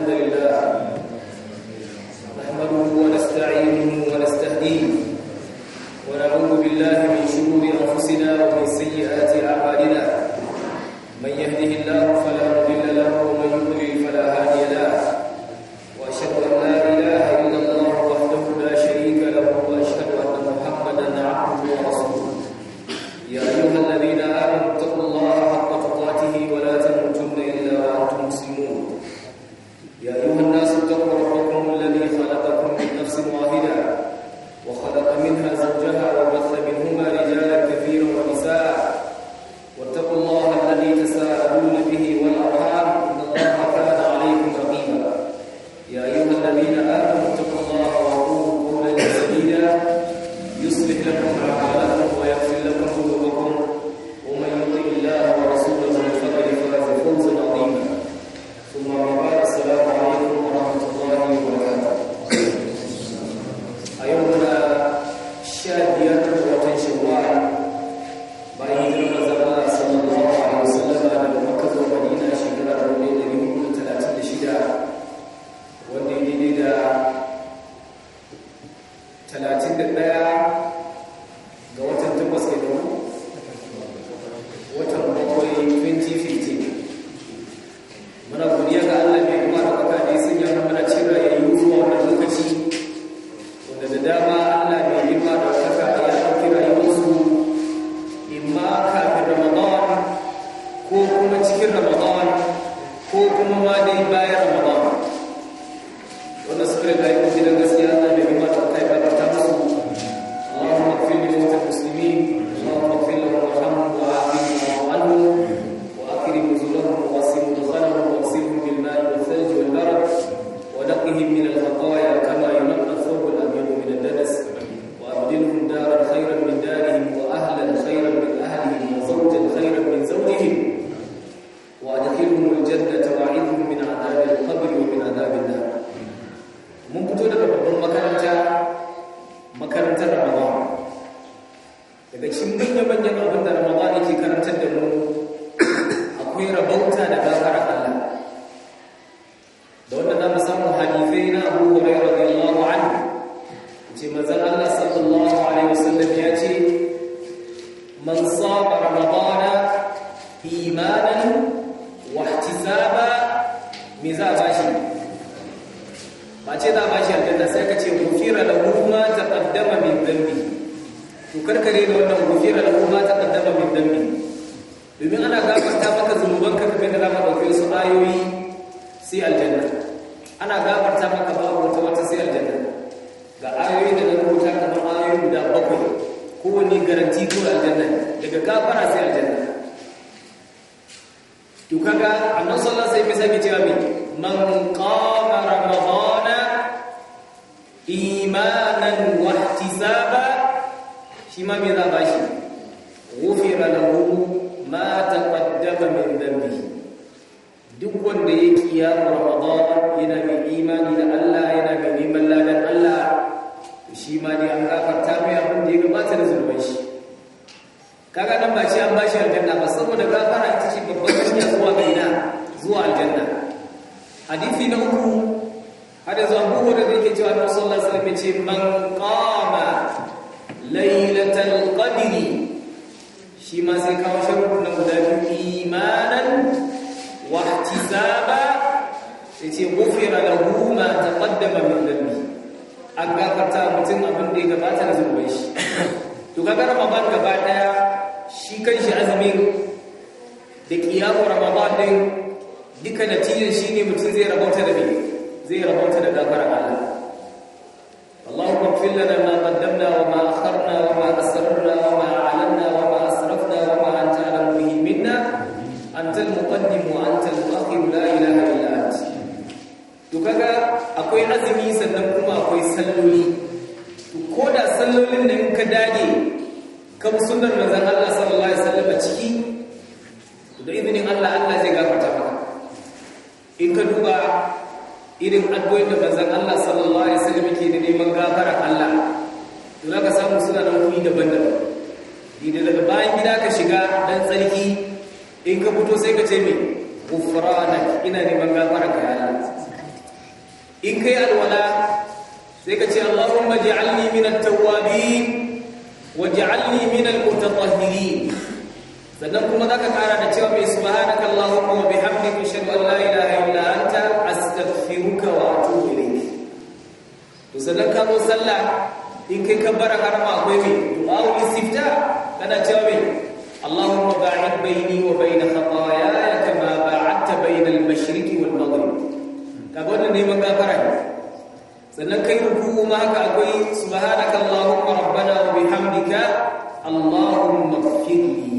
الحمد لله نحمده ونستعينه الذين آمنوا اتقوا الله وقولوا قولا سديدا يصلح لكم أعمالكم ويغفر لكم talatin da ɗaya ga watan takwas ke da watan bakwai 2015 muna godiya ga Allah mai kuma da baka da ya sanya na mana cin rayayyu zuwa wannan lokaci wanda da dama Allah mai girma da baka ya ɗauki rayuwarsu imma kafin Ramadan ko kuma cikin Ramadan ko kuma ma dai bayan Ramadan wanda suka riga yi gidan gaskiya من صام رمضان إيمانا واحتسابا ميزا باشي ما ce za a bashi aljanna sai ka ce gufira da ma ta kaddama min dambi to karkare da wannan gufira da ma ta kaddama min dambi domin ana gafarta maka zunuban ka kamar da za ka ɗauke su ayoyi sai aljanna ana gafarta maka ba tura aljanna daga kafara sai aljanna to kaga annabi sallallahu alaihi wasallam sai cewa min man qama ramadana imanan wa ihtisaba shi ma me za shi ghufira lahu ma taqaddama min dhanbihi duk wanda ya kiyamu ramadana ce man qama lailatal qadri shi ma sai kawo sharuɗin na guda biyu imanan wa ihtisaba sai ce gufira lahu ma taqaddama min dhanbi an gafarta mutum abin da ya gabata na zunubai shi to kaga ramadan gaba daya shi kanshi azumin da kiyamu ramadan din duka natijar shine mutum zai rabauta da me zai rabauta da gafarar Allah واغفر لنا ما قدمنا وما أخرنا وما أسررنا وما أعلنا وما أسرفنا وما أنت أعلم به منا أنت المقدم وأنت المؤخر لا إله إلا أنت تكاكا أكوي عزمي سنبكم أكوي سلولي كودا سلولي نمك داجي كم سنة مزان الله صلى الله عليه وسلم تشكي da izinin Allah Allah zai gafarta maka in ka duba irin addu'o'in da manzon Allah sallallahu alaihi wasallam yake da neman gafara Allah to zaka samu suna da wuri daban-daban idan daga bayan gida ka shiga dan tsarki in ka fito sai ka ce me ghufranak ina neman gafara ka Allah in kai alwala sai ka ce Allahumma ij'alni min at-tawwabin waj'alni min al-mutatahhirin sannan kuma zaka kara da cewa mai subhanakallahumma wa bihamdika ashhadu an la ilaha illa minka wa atubu ilayk to sannan ka zo sallah in kai kabbara harama akwai mai, me du'a'ul istifta kana cewa me Allahumma ba'id baini wa bain khataaya kama ba'adta bain al-mashriq wal maghrib kaga wannan neman gafara ne sannan kai ruku ma haka akwai subhanaka allahumma rabbana wa bihamdika allahumma ighfirli